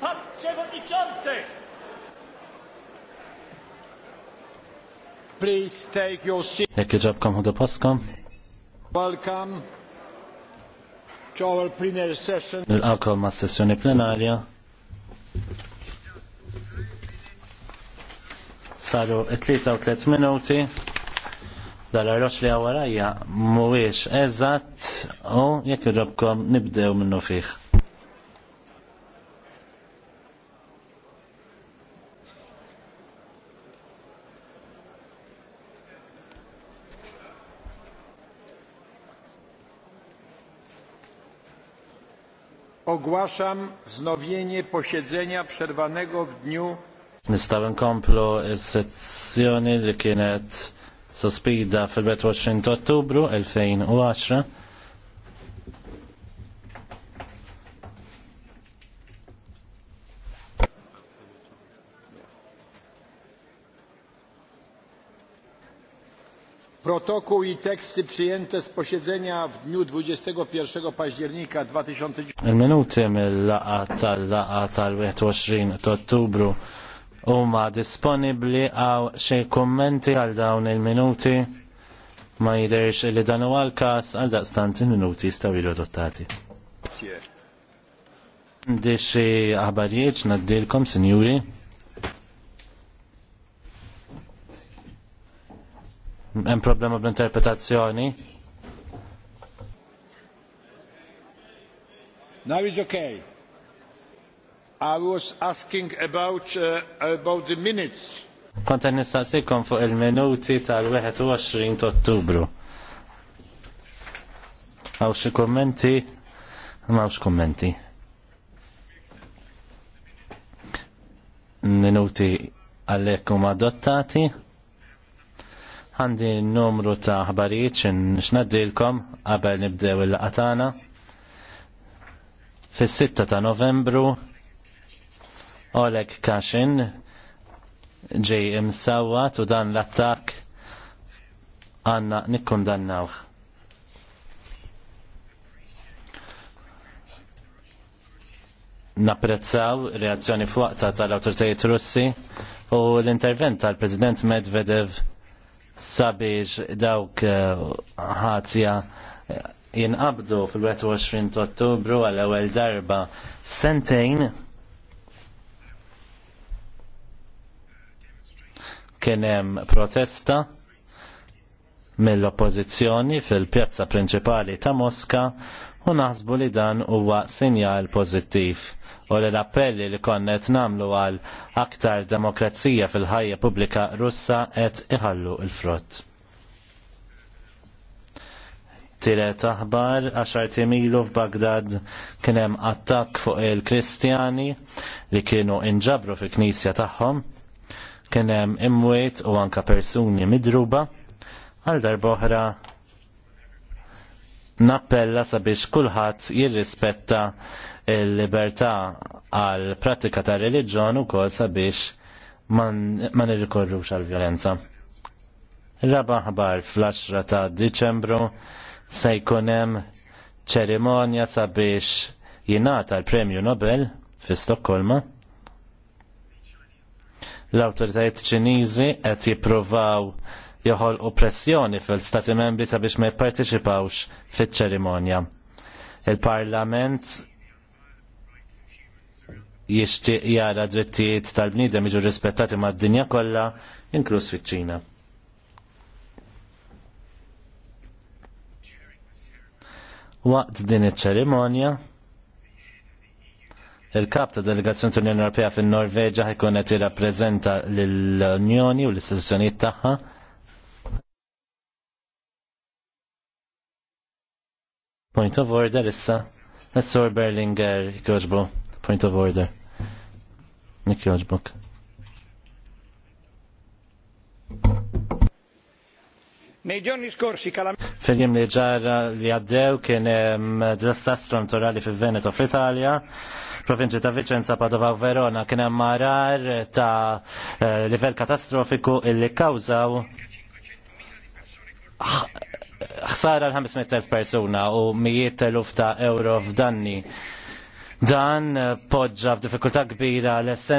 Pan Przewodniczący! Please take your seat. Jakie ġabkom ħodu paska? Welcome to our plenary session. Il-għakom ma' sessjoni plenarja. Saru 33 minuti. Dal-arroċ li għawarajja muwiex e eżatt u jekk ġabkom nibdew minnu fiħ. Ogłaszam wznowienie posiedzenia przerwanego w dniu. Nistaw nkomplu s-sezzjoni li kienet sospida fil-28 Ottubru 2010 Protokół i teksty przyjęte z posiedzenia w dniu 21 października 2010. Il-minuti mill-laqa tal-laqa tal-21 ottubru huma disponibbli għaw xi kummenti għal dawn il-minuti ma jidherx li dan huwa l-każ għal daqstant il-minuti jistgħu jiġu adottati. Għandi xi aħbarijiet ngħaddilkom, sinjuri. Hemm problema bl-interpretazzjoni? Now it's okay. I was asking about, uh, about the minutes. Kont qed nistaqsikom fuq il-minuti tal-21 ta' Ottubru. Għaw xi kummenti? Mawx kummenti. Minuti għallekum adottati. Għandi numru ta' ħbarijiet xin xnaddilkom qabel nibdew il-qatana. Fis-6 ta' Novembru Oleg Kashin ġej imsawat u dan l-attak għanna nikkundannawh. napprezzaw reazzjoni fuqta tal-autoritajiet russi u l-intervent tal-President Medvedev sabiex dawk eh, ħatja eh, jinqabdu fil-21 ta' ottubru għal ewel darba f'sentejn kien hemm protesta mill-oppożizzjoni fil-pjazza prinċipali ta' Mosca u naħsbu li dan huwa sinjal pożittiv u li l-appelli li konnet namlu għal aktar demokrazija fil-ħajja pubblika russa qed iħallu l-frott. Tiret aħbar għaxar timilu f'Bagdad kien hemm attakk fuq il-Kristjani li kienu inġabru fil-Knisja tagħhom, kien hemm imwiet u anka persuni midruba Għal darboħra nappella sabiex kulħadd jirrispetta l-libertà għal pratika ta' reliġjon ukoll sabiex ma nirrikorrux għal violenza. Raba ħbar fl-10 ta' Diċembru se jkun hemm ċerimonja sabiex jingħata l-Premju Nobel fi Stokkolma. L-awtoritajiet Ċiniżi qed jippruvaw joħol u pressjoni fil-Stati membri sabiex ma jipparteċipawx fiċ ċerimonja Il-Parlament jixtieq jara drittijiet tal bnidem jiġu rispettati mad-dinja kollha, inkluż fiċ-Ċina. Waqt din iċ-ċerimonja, il-kap ta' delegazzjoni tal-Unjoni Ewropea fin-Norveġa ħajkun qed jirrappreżenta lill-Unjoni u l-istituzzjonijiet tagħha Point of order issa. Nessor Berlinger jogħġbu. Point of order. Nik jogħġbok. Nei giorni scorsi calam... fil li ġarra li għaddew kien dil disastru naturali fil veneto fl-Italja, provinċi ta' Vicenza, Padova u Verona kien hemm marar ta' eh, livell katastrofiku illi kawżaw ħsara l-500.000 persuna u mijiet eluf ta' euro f'danni. Dan eh, poġġa f'diffikultà kbira l